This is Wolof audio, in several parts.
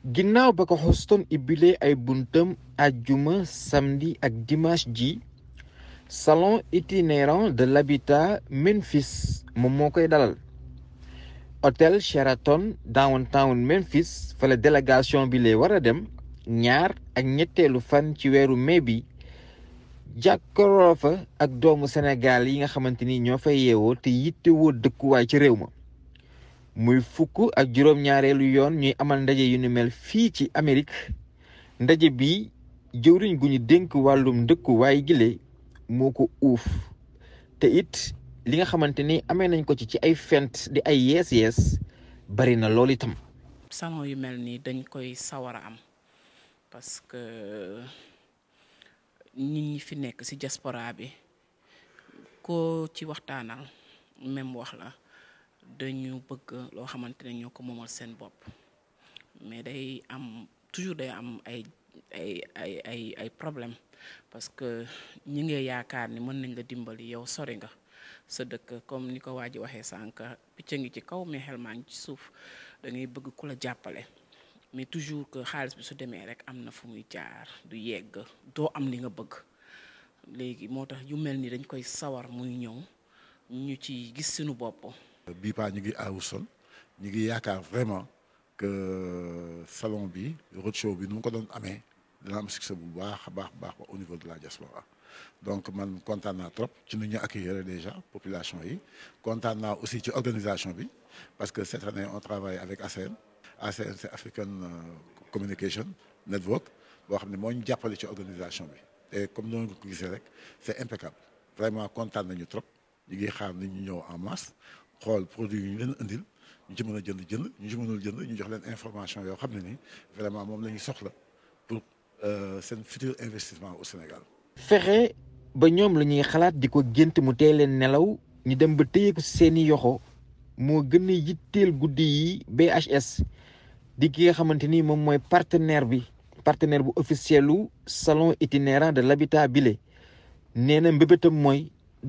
ginnaaw ba ko Houston ibbilee ay buntam ajjuma samedi ak dimanche ji salon itinérant de labita Memphis moom moo koy dalal otel Sheraton downtown Memphis fala délégation bi lay war a dem ñaar ak ñetteelu fan ci weeru mai bi jàkkaroo ak doomu senegaal yi nga xamante ni ñoo fay yeewoo te yittewoo dëkkuwaay ci réew ma muy fukk ak juróom-ñaareelu yoon ñuy amal ndaje yu ni mel fii ci Amérique ndaje bi jëwriñ gu ñu dénk wàllum dëkkuwaay gile moo ko uuf te it li nga xamante ni amee nañ ko ci ci ay fent di ay yees yees bari na lool itam. salon yu mel nii dañ koy sawar a am parce que nit ñi fi nekk ci diaspora bi ko ci waxtaanal même wax la. dañu bëgg loo xamante ne ñoo ko moomal seen bopp mais day am toujours day am ay ay ay ay ay problème parce que ñi ngay yaakaar ni mën nañ la dimbali yow sori nga sa dëkk comme ni ko waa ji waxee sànq picc a ngi ci kaw mais xel maa ngi ci suuf dangay bëgg ku la jàppale mais toujours que xaalis bi su demee rek am na fu muy jaar du yegg doo am li nga bëgg léegi moo tax yu mel ni dañ koy sawar muy ñëw ñu ci gis suñu bopp bii paa ñu ngi Aoussol ñu ngi yaakaar vraiment que salon bi roadshow bi nu mu ko doon amee dina am succès bu baax a baax baax au niveau de la diaspora donc man kontaan naa trop ci nu ñu ak accueillir déjà population yi kontaan naa aussi ci organisation bi parce que cette année on travaille avec ACN ACN c'est African euh, Communication Network boo xam ne moo ñu jàppale ci organisation bi te comme noonu nga ko gisee rek c'est impeccable vraiment kontaan nañu trop ñu ngi xaar nit ñu ñëw en masse xool produit yi ñu indil ñu ci mën a jënd ñu jox leen information yoo xam ne nii vraiment moom la soxla pour euh, seen futur investissement au Sénégal. fexe ba ñoom la ñuy xalaat di ko gént mu tee leen nelaw ñu dem ba téye ko seeni yoxo moo gën a yitteel guddi yi BHS di ki nga xamante ni moom mooy partenaire bi partenaire bu officiel lu salon itinérant de l'habitat bile nee na mbébétam mooy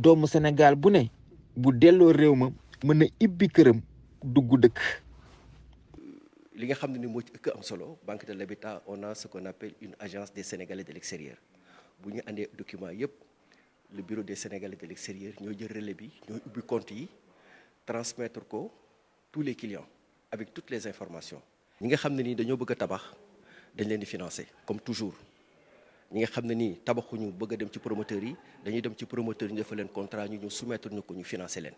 doomu Sénégal bu ne bu delloo réew ma mën na ibbi këram dugg dëkk. li nga xam ne ni moo ci ëkk am solo banque de l'habitat on a ce une agence des sénégalais de l'extérieur bu ñu andee document yépp le bureau de sénégalais de l'extérieur ñoo jël relais bi ñoo ubbi compte yi transmettre ko tous les clients avec toutes les informations. ñi nga xam ne ni dañoo bëgg tabax dañ leen di financer comme toujours ñi nga xam ne ni tabaxuñu bëgg a dem ci promoteurs yi dañu dem ci promoteurs yi ñu defal leen ñu ñu soumettre ñu ko ñu financer leen.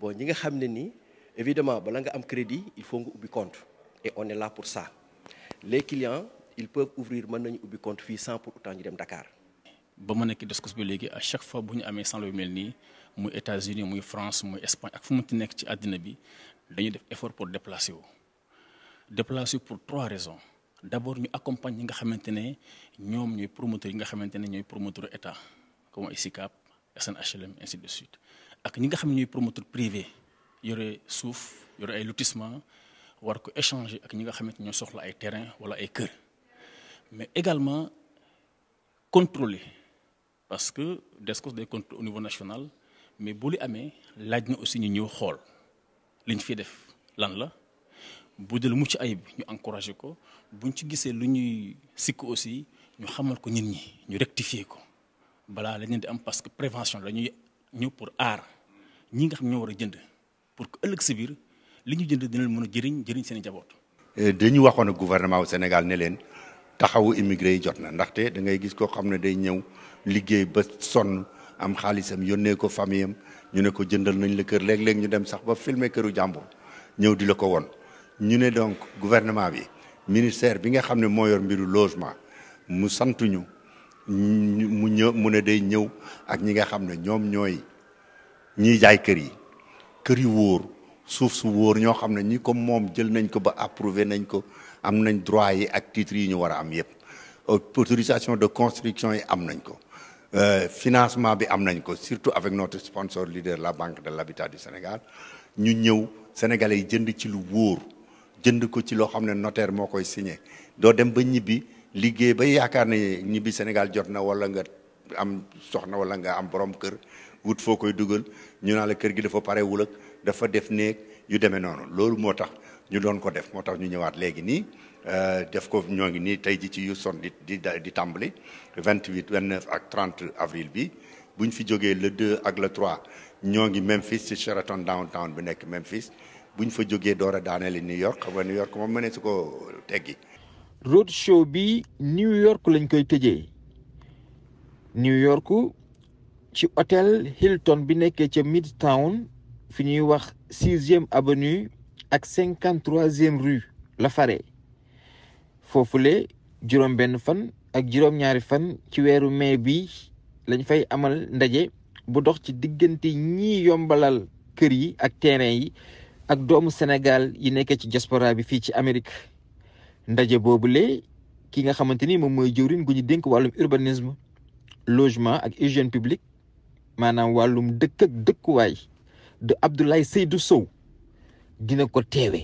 bon ñi nga xam ne nii évidemment bala nga am crédit il faut nga ubbi compte et on est là pour ça les clients ils peuvent ouvrir mën nañu ubbi compte fii sans pour autant ñu dem ndakaar ba ma nekk Descos bi léegi à chaque fois bu ñu amee sànq yu mel nii muy États-Unis muy France muy Espagne ak fu mu nekk ci àddina bi dañuy def effort pour déplacer wu. déplacer wu pour trois raisons d' abord ñu accompagne ñi nga xamante ne ñoom ñooy promoteurs yi nga xamante ne ñooy promoteur état comme ay SICAP. SNHLM ainsi de suite ak ñi nga xam ne ñooy promoteur privé yore suuf yore ay lotissement war ko échangé ak ñi nga xamante ñoo soxla ay terrain wala ay kër mais également contrôler parce que DSCOS day contrôler au niveau national mais bu li amee laaj na aussi ñu ñëw xool liñ ñu fi def lan la bu dee lu mucc bi ñu encouragé ko bu buñ ci gisee lu ñuy sikk aussi ñu xamal ko nit ñi ñu rectifier ko. balaa lañ leen di am parce que prévention dañuy ñëw pour aar ñi nga xam ñoo war a jënd pour que ëllëg si biir li ñu jënd dina leen mën a jëriñ jëriñ seen i jaboot. Eh, dañu waxoon ak gouvernement wu Sénégal ne leen taxawu immigré yi jot na ndaxte da ngay gis koo xam ne day ñëw liggéey ba sonn am xaalisam yónnee ko famille am ñu ne ko jëndal nañ la kër léeg-léeg ñu dem sax ba filmer këru jàmbur ñëw di la ko woon ñu ne donc gouvernement bi ministère bi nga xam ne moo yor mbiru logement mu santuñu mu ñëw mu ne day ñëw ak ñi nga xam ne ñoom ñooy ñiy jaay kër yi kër yu wóor suuf su wóor ñoo xam ne ñi ko moom jël nañ ko ba approver nañ ko am nañ droit yi ak titres yi ñu war a am yépp autorisation de construction yi am nañ ko euh, financement bi am nañ ko surtout avec notre sponsor leader la banque de l'habitat du Sénégal ñu ñëw sénégalais yi jënd ci lu wóor jënd ko ci loo xam ne notaire moo koy signé doo dem ba ñibbi liggéey ba yaakaar ne ñibbi Sénégal jot na wala nga am soxna wala nga am borom kër wut foo koy dugal ñu naa la kër gi dafa pare wul dafa def néeg yu demee noonu loolu moo tax ñu doon ko def moo tax ñu ñëwaat léegi nii euh, def ko ñoo ngi nii tey ji ci yu son di di di tàmbali 28 29 ak 30 avril bi bu ñu fi jógee le 2 ak le 3 ñoo ngi Memphis ci Sheraton downtown bi nekk Memphis bu ñu fa jógee door a daaneeli New York xam nga New York moom mënee su ko teggi road show bi New York lañ koy tëjee New York ci hôtel Hilton bi nekkee ca Midtown fi ñuy wax sixième avenue ak cinquante troisième rue la fare foofule juróom benn fan ak juróom ñaari fan ci weeru mai bi lañ fay amal ndaje bu dox ci diggante ñi yombalal kër yi ak terrain yi ak doomu senegal yi nekkee ci diaspora bi fii ci Amérique ndaje boobule ki nga xamante ni moom mooy jëwriñ gu ñu dénk wàllum urbanisme logement ak hygiène publique maanaam wàllum dëkk ak dëkkuwaay de Abdoulaye Seydou Sow dina ko teewe